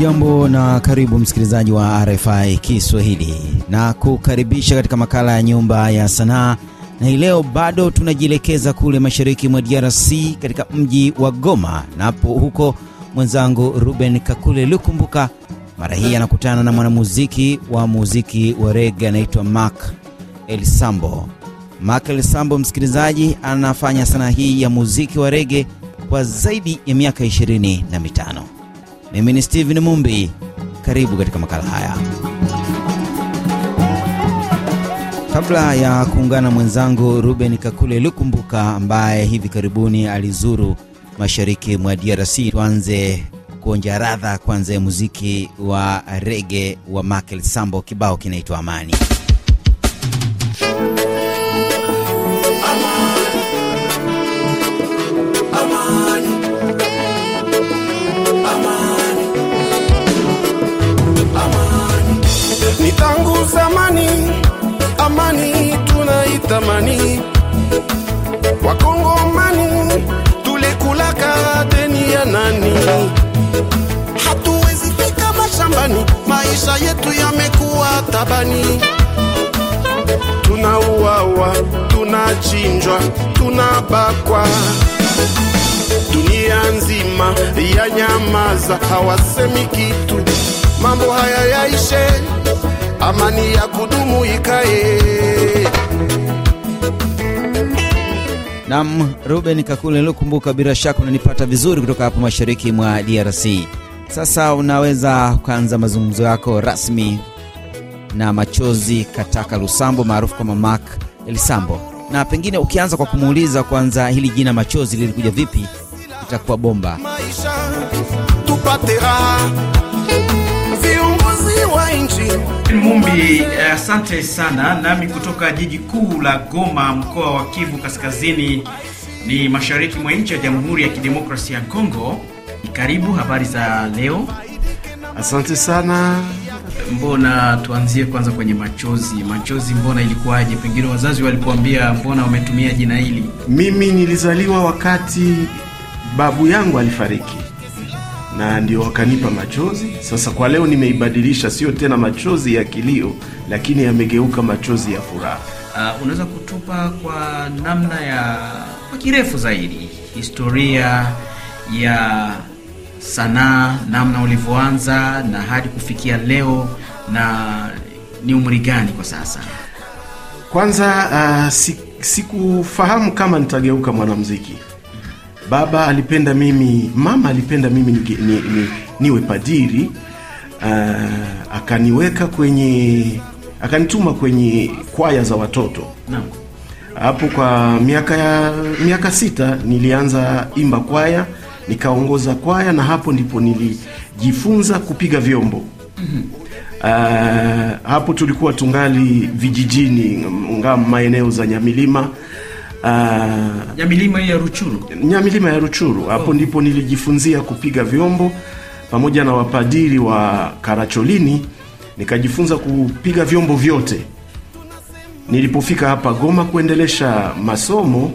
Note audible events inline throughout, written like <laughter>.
Hujambo na karibu msikilizaji wa RFI Kiswahili na kukaribisha katika makala ya nyumba ya sanaa, na hii leo bado tunajielekeza kule mashariki mwa DRC katika mji wa Goma, napo huko mwenzangu Ruben Kakule Lukumbuka mara hii anakutana na mwanamuziki wa muziki wa rege anaitwa Mark Elsambo. Mark Elsambo, msikilizaji, anafanya sanaa hii ya muziki wa rege kwa zaidi ya miaka ishirini na mitano. Mimi ni Steven Mumbi, karibu katika makala haya. Kabla ya kuungana mwenzangu Ruben Kakule Lukumbuka ambaye hivi karibuni alizuru mashariki mwa DRC, tuanze kuonja radha kwanza ya muziki wa rege wa makel Sambo, kibao kinaitwa Amani. ni tangu zamani, amani tunaitamani, Wakongomani tulikula deni ya nani? Hatuwezi fika mashambani, maisha yetu yamekuwa tabani, tunauawa, tunachinjwa, tunabakwa dunia nzima ya nyamaza, hawasemi kitu. Mambo haya yaishe, amani ya kudumu ikae. Nam Ruben Kakule, niliokumbuka bila shaka unanipata vizuri kutoka hapo mashariki mwa DRC. Sasa unaweza kuanza mazungumzo yako rasmi na Machozi Kataka Lusambo maarufu kama Mark Elisambo, na pengine ukianza kwa kumuuliza kwanza hili jina Machozi lilikuja vipi, itakuwa bomba maisha wa nchi. Mumbi, eh, asante uh, sana. Nami kutoka jiji kuu la Goma, mkoa wa Kivu Kaskazini, ni mashariki mwa nchi ya Jamhuri ya Kidemokrasia ya Kongo. Karibu, habari za leo? Asante sana. Mbona tuanzie kwanza kwenye machozi. Machozi mbona ilikuwaje? Pengine wazazi walikuambia, mbona wametumia jina hili? Mimi nilizaliwa wakati babu yangu alifariki na ndio wakanipa machozi. Sasa kwa leo nimeibadilisha, sio tena machozi ya kilio, lakini yamegeuka machozi ya furaha. Uh, unaweza kutupa kwa namna ya kwa kirefu zaidi historia ya sanaa, namna ulivyoanza na hadi kufikia leo, na ni umri gani kwa sasa? Kwanza uh, sikufahamu si kama nitageuka mwanamziki Baba alipenda mimi, mama alipenda mimi ni, ni, ni, niwe padiri uh, akaniweka kwenye akanituma kwenye kwaya za watoto hapo kwa miaka ya miaka sita nilianza imba kwaya nikaongoza kwaya na hapo ndipo nilijifunza kupiga vyombo uh, hapo tulikuwa tungali vijijini ngam maeneo za Nyamilima Uh, Nyamilima ya Ruchuru, Nyamilima ya Ruchuru hapo oh. Ndipo nilijifunzia kupiga vyombo pamoja na wapadiri wa Karacholini, nikajifunza kupiga vyombo vyote. Nilipofika hapa Goma kuendelesha masomo,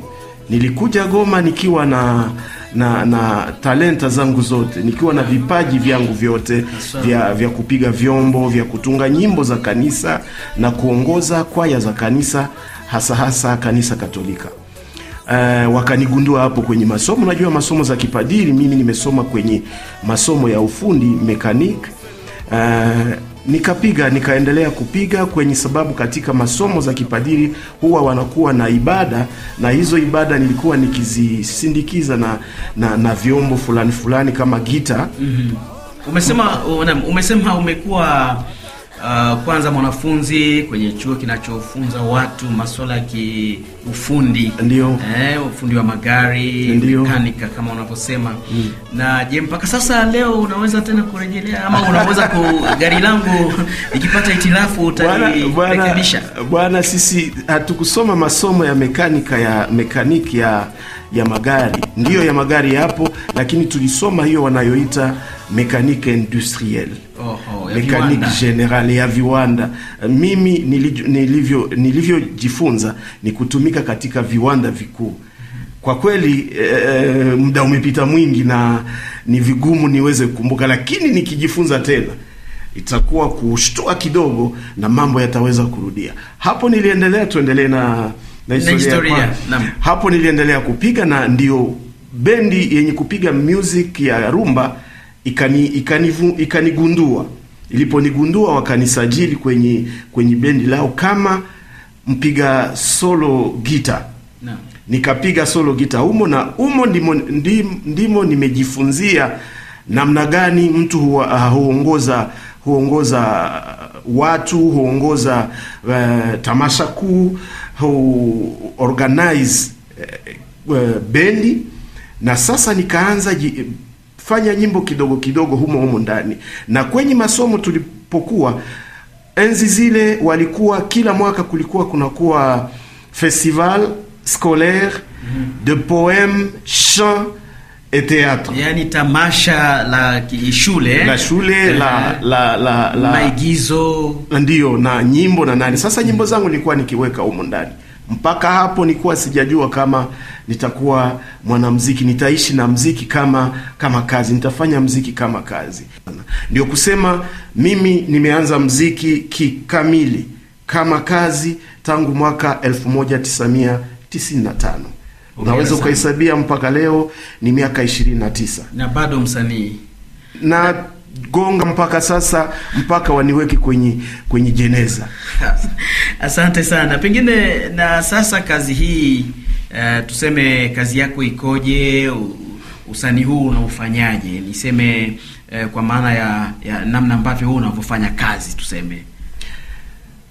nilikuja Goma nikiwa na na na talenta zangu zote, nikiwa na vipaji vyangu vyote vya, vya kupiga vyombo, vya kutunga nyimbo za kanisa na kuongoza kwaya za kanisa hasa hasa kanisa Katolika. Uh, wakanigundua hapo kwenye masomo. Najua masomo za kipadiri, mimi nimesoma kwenye masomo ya ufundi mechanic. Uh, nikapiga nikaendelea kupiga kwenye sababu, katika masomo za kipadiri huwa wanakuwa na ibada, na hizo ibada nilikuwa nikizisindikiza na, na, na vyombo fulani fulani kama gita. mm -hmm. Umesema, umesema umekuwa Uh, kwanza mwanafunzi kwenye chuo kinachofunza watu masuala ya kiufundi ndio, eh, ufundi wa magari mekanika kama unavyosema mm. Na je, mpaka sasa leo unaweza tena kurejelea ama unaweza ku <laughs> gari langu ikipata itilafu utarekebisha? Bwana, sisi hatukusoma masomo ya mekanika ya mekaniki ya ya magari, ndiyo ya magari yapo, lakini tulisoma hiyo wanayoita mekanike industriel mekanike ya viwanda. Mimi nilivyo nilivyojifunza ni kutumika katika viwanda vikuu kwa kweli eh, muda umepita mwingi na ni vigumu niweze kukumbuka, lakini nikijifunza tena itakuwa kushtua kidogo na mambo yataweza kurudia. Hapo niliendelea, tuendelee na na historia. Na hapo niliendelea kupiga na ndio bendi yenye kupiga music ya rumba ikani ikanivu, ikanigundua. Iliponigundua wakanisajili kwenye kwenye bendi lao kama mpiga solo gita Nikapiga solo gita humo na humo ndimo, ndimo, ndimo nimejifunzia namna gani mtu huongoza uh, huongoza uh, watu, huongoza uh, tamasha kuu, huorganize uh, uh, bendi na sasa nikaanza fanya nyimbo kidogo kidogo humo humo ndani. Na kwenye masomo tulipokuwa enzi zile, walikuwa kila mwaka kulikuwa kunakuwa festival scolaire mm -hmm. de poème chant Eteatro. Yani tamasha la shule la shule uh, la, la, la, la maigizo ndio na nyimbo na nani. Sasa nyimbo zangu nilikuwa nikiweka humo ndani mpaka hapo nilikuwa sijajua kama nitakuwa mwanamziki, nitaishi na mziki kama kama kazi, nitafanya mziki kama kazi. Ndio kusema mimi nimeanza mziki kikamili kama kazi tangu mwaka 1995 unaweza ukahesabia mpaka leo ni miaka ishirini na tisa na bado msanii na gonga mpaka sasa mpaka waniweke kwenye kwenye jeneza. <laughs> Asante sana. Pengine na sasa kazi hii uh, tuseme kazi yako ikoje? Usanii huu unaufanyaje? Niseme uh, kwa maana ya, ya namna ambavyo huu unavyofanya kazi tuseme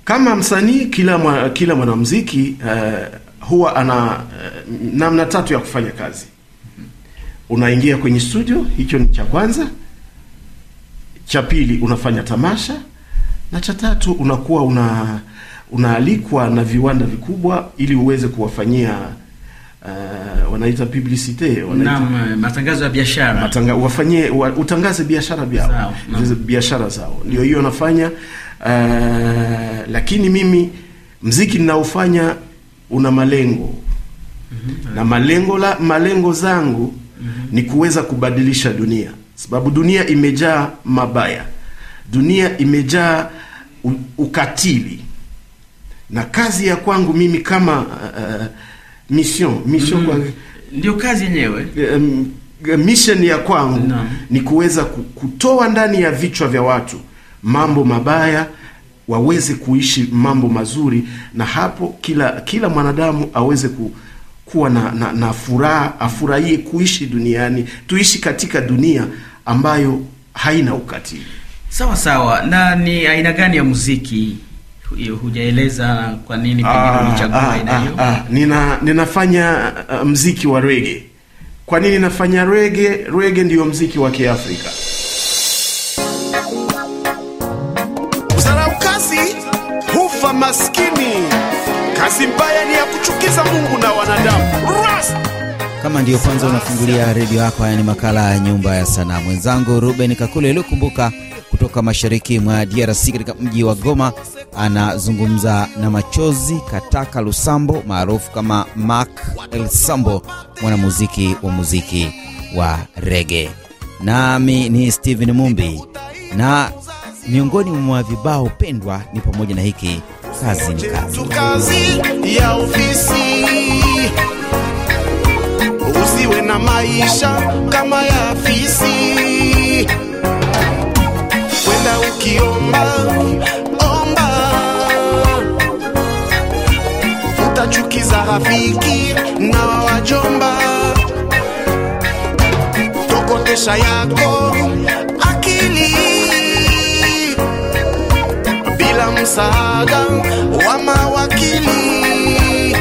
kama msanii, kila ma, kila mwanamuziki uh, huwa ana eh, namna tatu ya kufanya kazi. Unaingia kwenye studio, hicho ni cha kwanza. Cha pili unafanya tamasha, na cha tatu unakuwa una unaalikwa na viwanda vikubwa ili uweze kuwafanyia uh, wanaita publicite, wanaita eh, matangazo ya biashara matanga, wafanyie wa, utangaze biashara zao, biashara zao ndio hiyo nafanya uh, lakini mimi mziki ninaofanya una malengo mhm. na malengo la malengo zangu mhm. ni kuweza kubadilisha dunia, sababu dunia imejaa mabaya, dunia imejaa ukatili, na kazi ya kwangu mimi kama uh, uh mission mission mm -hmm. kwa ndio kazi yenyewe um, mission ya kwangu no. ni kuweza kutoa ndani ya vichwa vya watu mambo mabaya waweze kuishi mambo mazuri, na hapo kila kila mwanadamu aweze ku, kuwa na, na, na furaha, afurahie kuishi duniani. Tuishi katika dunia ambayo haina ukatili. Sawa sawa. Na ni aina gani ya muziki hujaeleza? Kwa nini ah, pengine ulichagua ah, ah, Nina ninafanya uh, mziki wa rege. Kwa nini nafanya rege? Rege ndiyo mziki wa Kiafrika. maskini. Kazi mbaya ni ya kuchukiza Mungu na wanadamu. Kama ndiyo kwanza unafungulia redio yako, haya ni makala ya Nyumba ya Sanaa. Mwenzangu Ruben Kakule aliyokumbuka kutoka mashariki mwa DRC katika mji wa Goma anazungumza na Machozi Kataka Lusambo maarufu kama Mark El Sambo, mwanamuziki wa muziki wa rege. Nami ni Steven Mumbi, na miongoni mwa vibao pendwa ni pamoja na hiki kazi ni kazi. ya ofisi, usiwe na maisha kama ya afisi. Kwenda ukiomba omba, utachukiza rafiki na wajomba, tokotesha yako kupata msaada wa mawakili.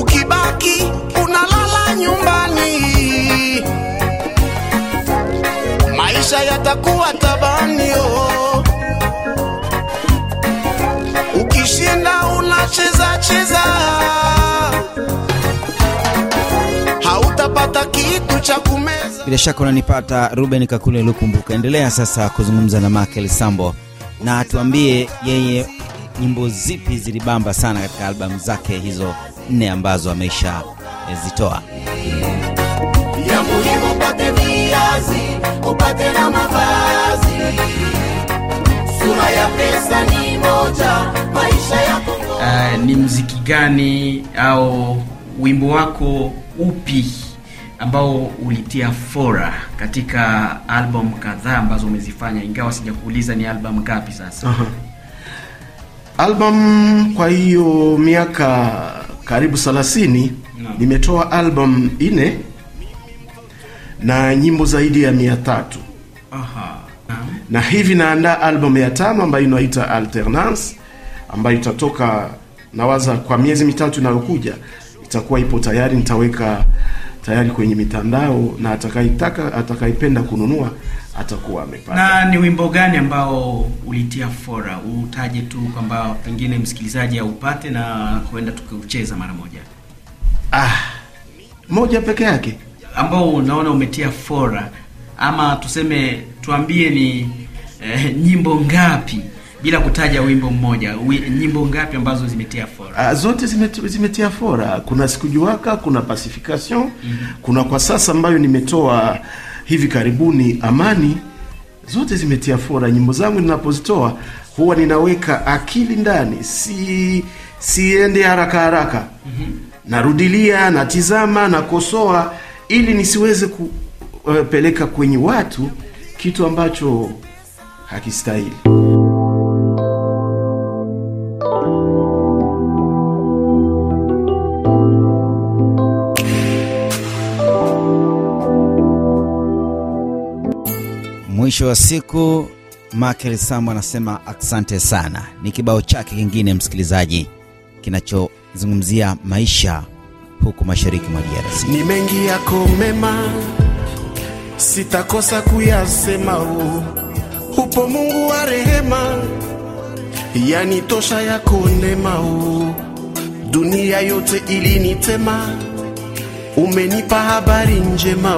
Ukibaki unalala nyumbani, maisha yatakuwa tabanio. Ukishinda unacheza cheza kupata kitu cha kumeza. Bila shaka unanipata Ruben Kakule Lukumbuka. Endelea sasa kuzungumza na Michael Sambo na atuambie yeye nyimbo zipi zilibamba sana katika albamu zake hizo nne ambazo ameisha zitoa. Ya muhimu upate viazi, upate na mavazi, sura ya pesa ni moja, maisha yako Uh, ah, ni mziki gani au wimbo wako upi ambao ulitia fora katika album kadhaa ambazo umezifanya, ingawa sijakuuliza ni album ngapi sasa. Aha. Album kwa hiyo miaka karibu 30 no. Nimetoa album ine na nyimbo zaidi ya mia tatu. Aha. Na hivi naandaa album ya tano ambayo inaita Alternance ambayo itatoka nawaza kwa miezi mitatu inayokuja, itakuwa ipo tayari, nitaweka tayari kwenye mitandao na atakayetaka atakayependa kununua atakuwa amepata. Na ni wimbo gani ambao ulitia fora? Utaje tu kwamba pengine msikilizaji aupate na huenda tukaucheza mara moja. Ah, moja peke yake ambao unaona umetia fora, ama tuseme, tuambie ni eh, nyimbo ngapi bila kutaja wimbo mmoja, nyimbo ngapi ambazo zimetia fora? Ah, zote zimetia fora. Kuna sikujuwaka, kuna pacification mm -hmm. kuna kwa sasa ambayo nimetoa hivi karibuni amani, zote zimetia fora. Nyimbo zangu ninapozitoa huwa ninaweka akili ndani, si siende haraka haraka mm -hmm. narudilia, natizama, nakosoa ili nisiweze kupeleka eh, kwenye watu kitu ambacho hakistahili. Mwisho wa siku Michael Sam anasema asante sana. Ni kibao chake kingine, msikilizaji, kinachozungumzia maisha huku mashariki mwa DRC. Ni mengi yako mema, sitakosa kuyasema. Upo Mungu wa rehema, yani tosha yako u Dunia yote ilinitema, umenipa habari njema.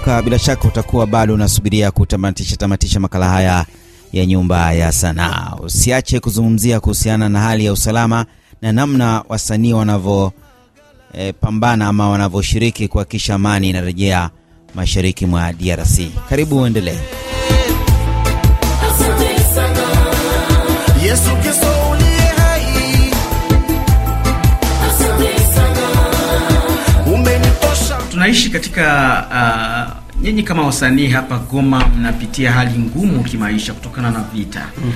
kumbuka, bila shaka utakuwa bado unasubiria kutamatisha tamatisha makala haya ya Nyumba ya Sanaa. Usiache kuzungumzia kuhusiana na hali ya usalama na namna wasanii wanavyopambana eh, e, ama wanavyoshiriki kuhakisha amani inarejea mashariki mwa DRC. Karibu uendelee. tunaishi katika uh, nyinyi kama wasanii hapa Goma mnapitia hali ngumu kimaisha kutokana na vita mm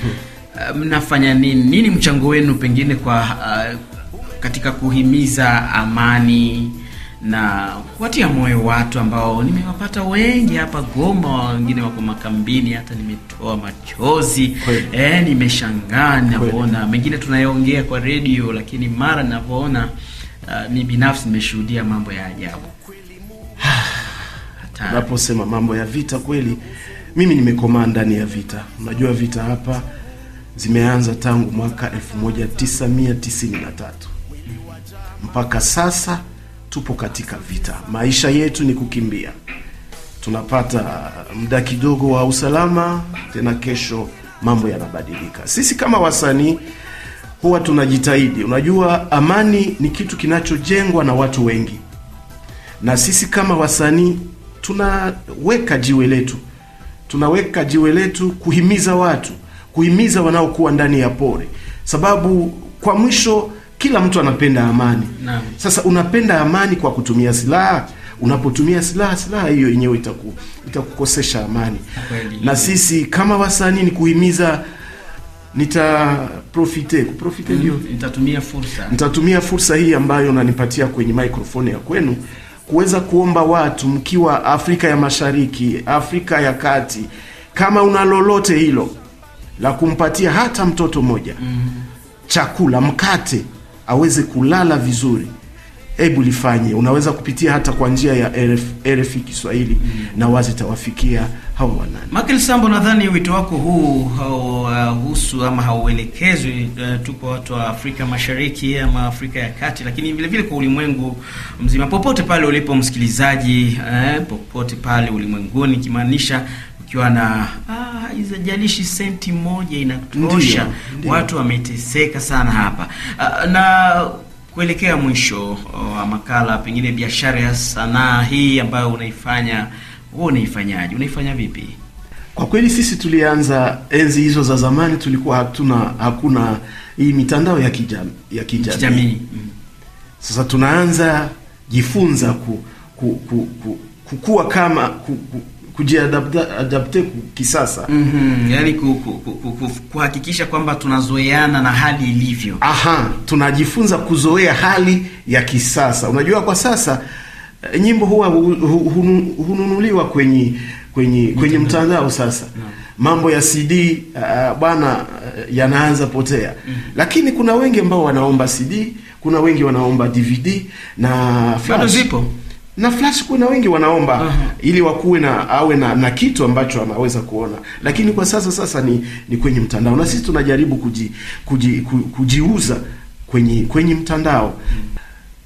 -hmm. uh, mnafanya nini? Nini mchango wenu pengine kwa uh, katika kuhimiza amani na kuwatia moyo watu ambao nimewapata wengi hapa Goma, wengine wako makambini, hata nimetoa machozi e, nimeshangaa ninavyoona mengine tunayoongea kwa redio, lakini mara ninavyoona uh, ni binafsi nimeshuhudia mambo ya ajabu. Unaposema mambo ya vita, kweli mimi nimekomaa ndani ya vita. Unajua vita hapa zimeanza tangu mwaka 1993 mpaka sasa tupo katika vita. Maisha yetu ni kukimbia, tunapata muda kidogo wa usalama, tena kesho mambo yanabadilika. Sisi kama wasanii huwa tunajitahidi. Unajua, amani ni kitu kinachojengwa na watu wengi, na sisi kama wasanii tunaweka jiwe letu, tunaweka jiwe letu kuhimiza watu, kuhimiza wanaokuwa ndani ya pori, sababu kwa mwisho kila mtu anapenda amani na. Sasa unapenda amani kwa kutumia silaha. Unapotumia silaha, silaha hiyo yenyewe itaku, itakukosesha amani Kweli. Na sisi kama wasanii ni kuhimiza nita profite kuprofite, mm, ndio nitatumia fursa, nitatumia fursa hii ambayo unanipatia kwenye maikrofoni ya kwenu kuweza kuomba watu mkiwa Afrika ya Mashariki, Afrika ya Kati, kama una lolote hilo la kumpatia hata mtoto mmoja mm, chakula, mkate, aweze kulala vizuri hebu lifanye. Unaweza kupitia hata kwa njia ya RF, Kiswahili mm. na wazi tawafikia hawa wanani. makil Sambo, nadhani wito wako huu hauhusu ama hauelekezwi uh, tu kwa watu wa Afrika Mashariki ama Afrika ya Kati, lakini vile vile kwa ulimwengu mzima, popote pale ulipo msikilizaji, eh, popote pale ulimwenguni, kimaanisha ukiwa na ah, haijalishi ah, senti moja inatosha. Watu wameteseka sana hapa uh, na Kuelekea mwisho oh, wa makala, pengine biashara ya sanaa hii ambayo unaifanya wewe, unaifanyaje? Unaifanya vipi? Kwa kweli sisi tulianza enzi hizo za zamani, tulikuwa hatuna hakuna hii mitandao ya kijamii ya kijamii. Mm. Sasa tunaanza jifunza ku, ku, ku, ku, kukua kama ku, ku, kujiadapte kisasa mm -hmm. Yani kuhakikisha kwamba tunazoeana na hali ilivyo. Aha, tunajifunza kuzoea hali ya kisasa. Unajua kwa sasa eh, nyimbo huwa hununuliwa kwenye kwenye kwenye mtandao sasa no. Mambo ya CD uh, eh, bwana uh, yanaanza potea mm -hmm. Lakini kuna wengi ambao wanaomba CD, kuna wengi wanaomba DVD na flash. Bado zipo na flash kuna wengi wanaomba uh-huh. ili wakuwe na awe na, na kitu ambacho anaweza kuona, lakini kwa sasa sasa ni, ni kwenye mtandao na sisi tunajaribu kuji, kuji, ku, kujiuza kwenye kwenye mtandao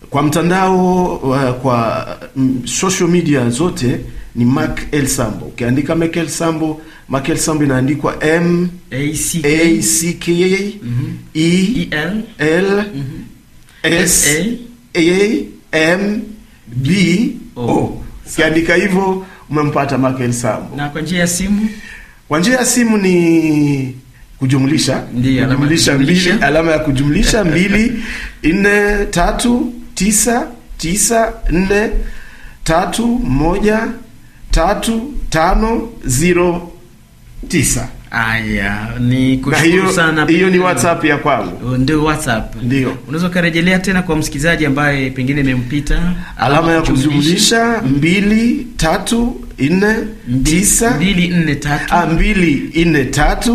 kwa mtandao uh, kwa m, mm, social media zote ni Mark El Sambo. Ukiandika Mark El Sambo, Mark El Sambo inaandikwa M A C K, A -C mm-hmm. -K e, e, L L S mm-hmm. -A M B O. Ukiandika hivyo umempata Michael Sambo. Na kwa njia ya simu? Kwa njia ya simu ni kujumlisha, ndiyo, kujumlisha mbili, alama ya kujumlisha mbili nne tatu tisa tisa nne tatu moja tatu tano zero tisa. Aya, ni kushukuru sana. Hiyo ni WhatsApp ya kwangu, ndio WhatsApp, ndio unaweza ukarejelea tena kwa msikilizaji ambaye pengine imempita, alama ya kujumlisha mbili tatu nne ah,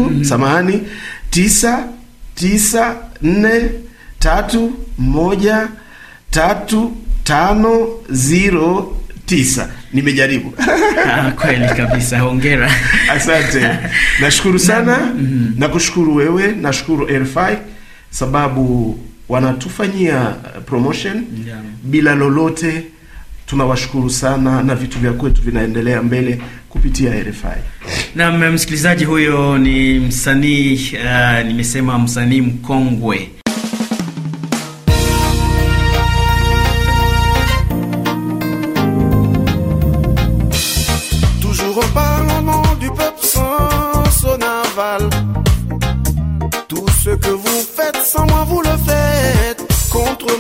mm, samahani tisa tatu tano zero tisa nimejaribu. <laughs> Ah, kweli kabisa, hongera. <laughs> Asante, nashukuru sana na, mm -hmm. Nakushukuru wewe, nashukuru RFI sababu wanatufanyia uh, promotion yeah. Bila lolote tunawashukuru sana na vitu vya kwetu vinaendelea mbele kupitia RFI. Naam, msikilizaji, huyo ni msanii uh, nimesema msanii mkongwe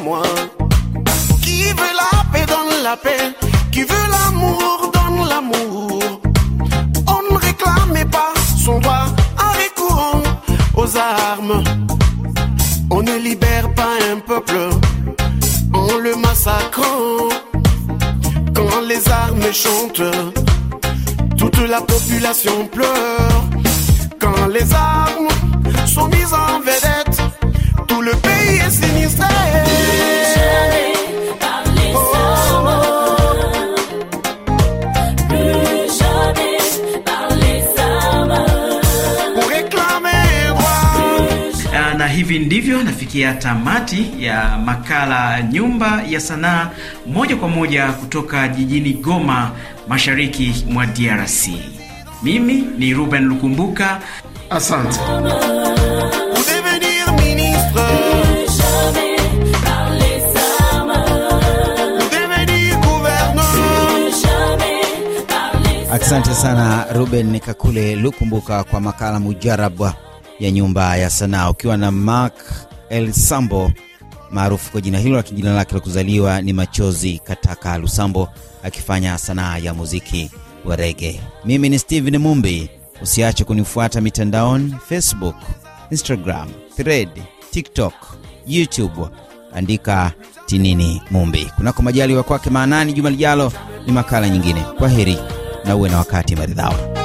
moi. Qui veut la paix donne la paix, qui veut l'amour donne l'amour. On ne réclamait pas son droit en recourant aux armes. On ne libère pas un peuple en le massacrant. Quand les armes chantent, toute la population pleure. Quand les armes sont mises en vedette, tout le pays est signé. hivi ndivyo nafikia tamati ya makala Nyumba ya Sanaa, moja kwa moja kutoka jijini Goma, mashariki mwa DRC. Mimi ni Ruben Lukumbuka, asante. Asante sana Ruben Kakule Lukumbuka kwa makala mujarabwa ya nyumba ya sanaa, ukiwa na Mark El Sambo maarufu kwa jina hilo, lakini jina lake la kuzaliwa ni Machozi Kataka Lusambo, akifanya sanaa ya muziki wa rege. Mimi ni Steven Mumbi, usiache kunifuata mitandaoni Facebook, Instagram, Thread, TikTok, YouTube, andika Tinini Mumbi. Kunako majaliwa kwake maanani juma lijalo ni makala nyingine. Kwa heri na uwe na wakati maridhawa.